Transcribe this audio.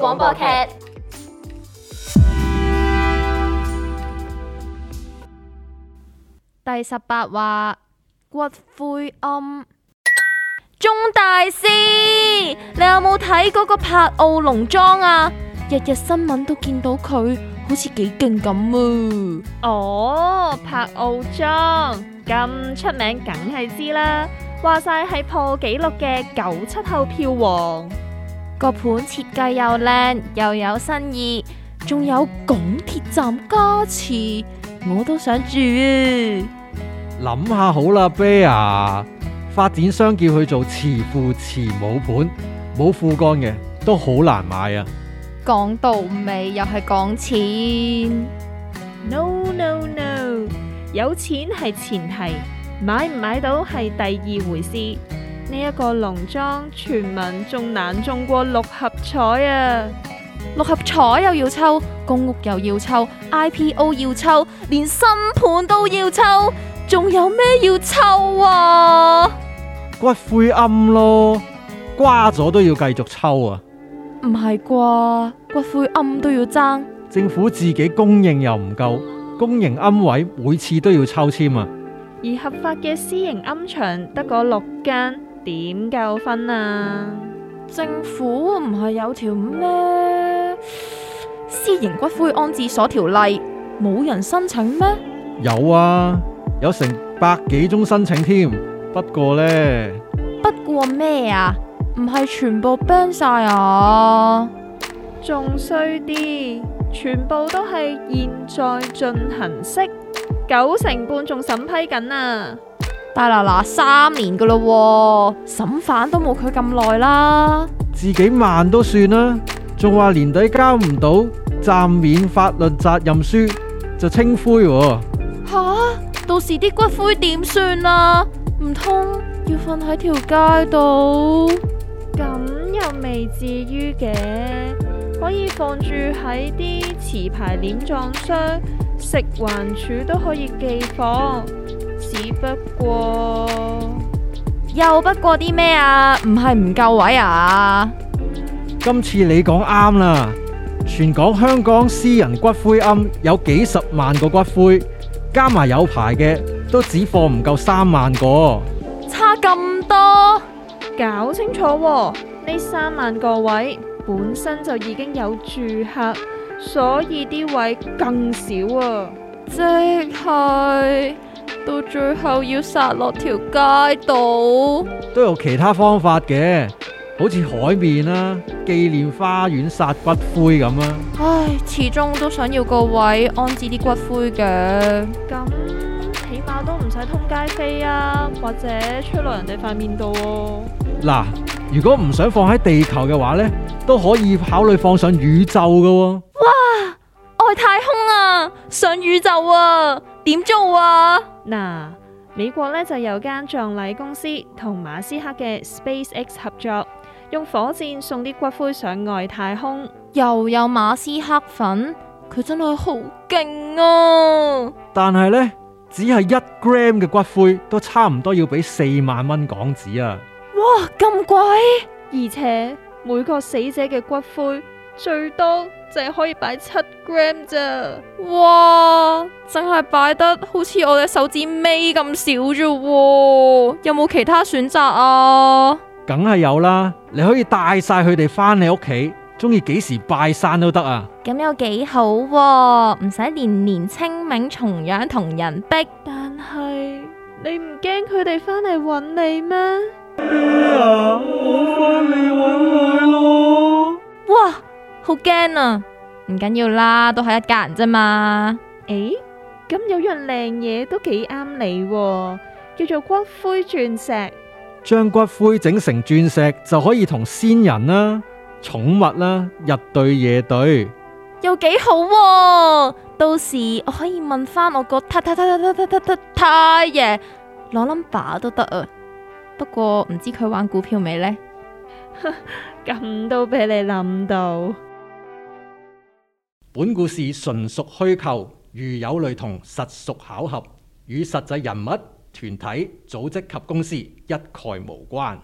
廣播劇第十八話骨灰龕。鍾大師，你有冇睇嗰個拍奧龍莊啊？日日新聞都見到佢，好似幾勁咁啊！哦，拍奧莊咁出名，梗係知啦。話晒係破紀錄嘅九七後票王。個盤設計又靚又有新意，仲有港鐵站加持，我都想住。諗下好啦，啤牙，發展商叫佢做慈父慈母盤，冇父幹嘅都好難買啊。講到尾又係講錢，no no no，有錢係前提，買唔買到係第二回事。呢一個農莊，全民仲難中過六合彩啊！六合彩又要抽，公屋又要抽，IPO 要抽，連新盤都要抽，仲有咩要抽啊？骨灰龕咯，瓜咗都要繼續抽啊！唔係啩？骨灰龕都要爭？政府自己供應又唔夠，公營龕位每次都要抽籤啊！而合法嘅私營龕場得嗰六間。點夠分啊？政府唔係有條咩《私營骨灰安置所條例》冇人申請咩？有啊，有成百幾宗申請添。不過呢，不過咩啊？唔係全部 ban 晒啊？仲衰啲，全部都係現在進行式，九成半仲審批緊啊！大嗱嗱三年噶咯，審犯都冇佢咁耐啦。自己慢都算啦，仲話年底交唔到，暫免法律責任書就清灰喎。吓、啊，到時啲骨灰點算啊？唔通要瞓喺條街度？咁又未至於嘅，可以放住喺啲持牌、殮葬商、食環署都可以寄放。只不過又不過啲咩啊？唔係唔夠位啊？今次你講啱啦，全港香港私人骨灰龕有幾十萬個骨灰，加埋有排嘅都只放唔夠三萬個，差咁多？搞清楚喎，呢三萬個位本身就已經有住客，所以啲位更少啊，即係。到最後要撒落條街度，都有其他方法嘅，好似海面啦、啊、紀念花園撒骨灰咁啦。唉，始終都想要個位置安置啲骨灰嘅，咁起碼都唔使通街飛啊，或者吹落人哋塊面度。嗱，如果唔想放喺地球嘅話呢，都可以考慮放上宇宙噶、啊。上宇宙啊？點做啊？嗱，美國咧就有間葬禮公司同馬斯克嘅 SpaceX 合作，用火箭送啲骨灰上外太空。又有馬斯克粉，佢真係好勁啊！但係呢，只係一 gram 嘅骨灰都差唔多要俾四萬蚊港紙啊！哇，咁貴！而且每個死者嘅骨灰最多。就係可以擺七 gram 咋，哇！真係擺得好似我哋手指尾咁少咋喎，有冇其他選擇啊？梗係有啦，你可以帶晒佢哋返你屋企，中意幾時拜山都得啊！咁有幾好喎，唔使年年清明、重陽同人逼。但係你唔驚佢哋返嚟搵你咩？啊？我翻嚟搵我。好驚啊！唔緊要啦，都係一家人啫嘛。誒，咁有樣靚嘢都幾啱你，叫做骨灰鑽石。將骨灰整成鑽石就可以同仙人啦、寵物啦，日對夜對，又幾好。到時我可以問翻我個太太太太太太太爺攞 number 都得啊。不過唔知佢玩股票未呢？咁都俾你諗到。本故事純屬虛構，如有雷同，實屬巧合，與實際人物、團體、組織及公司一概無關。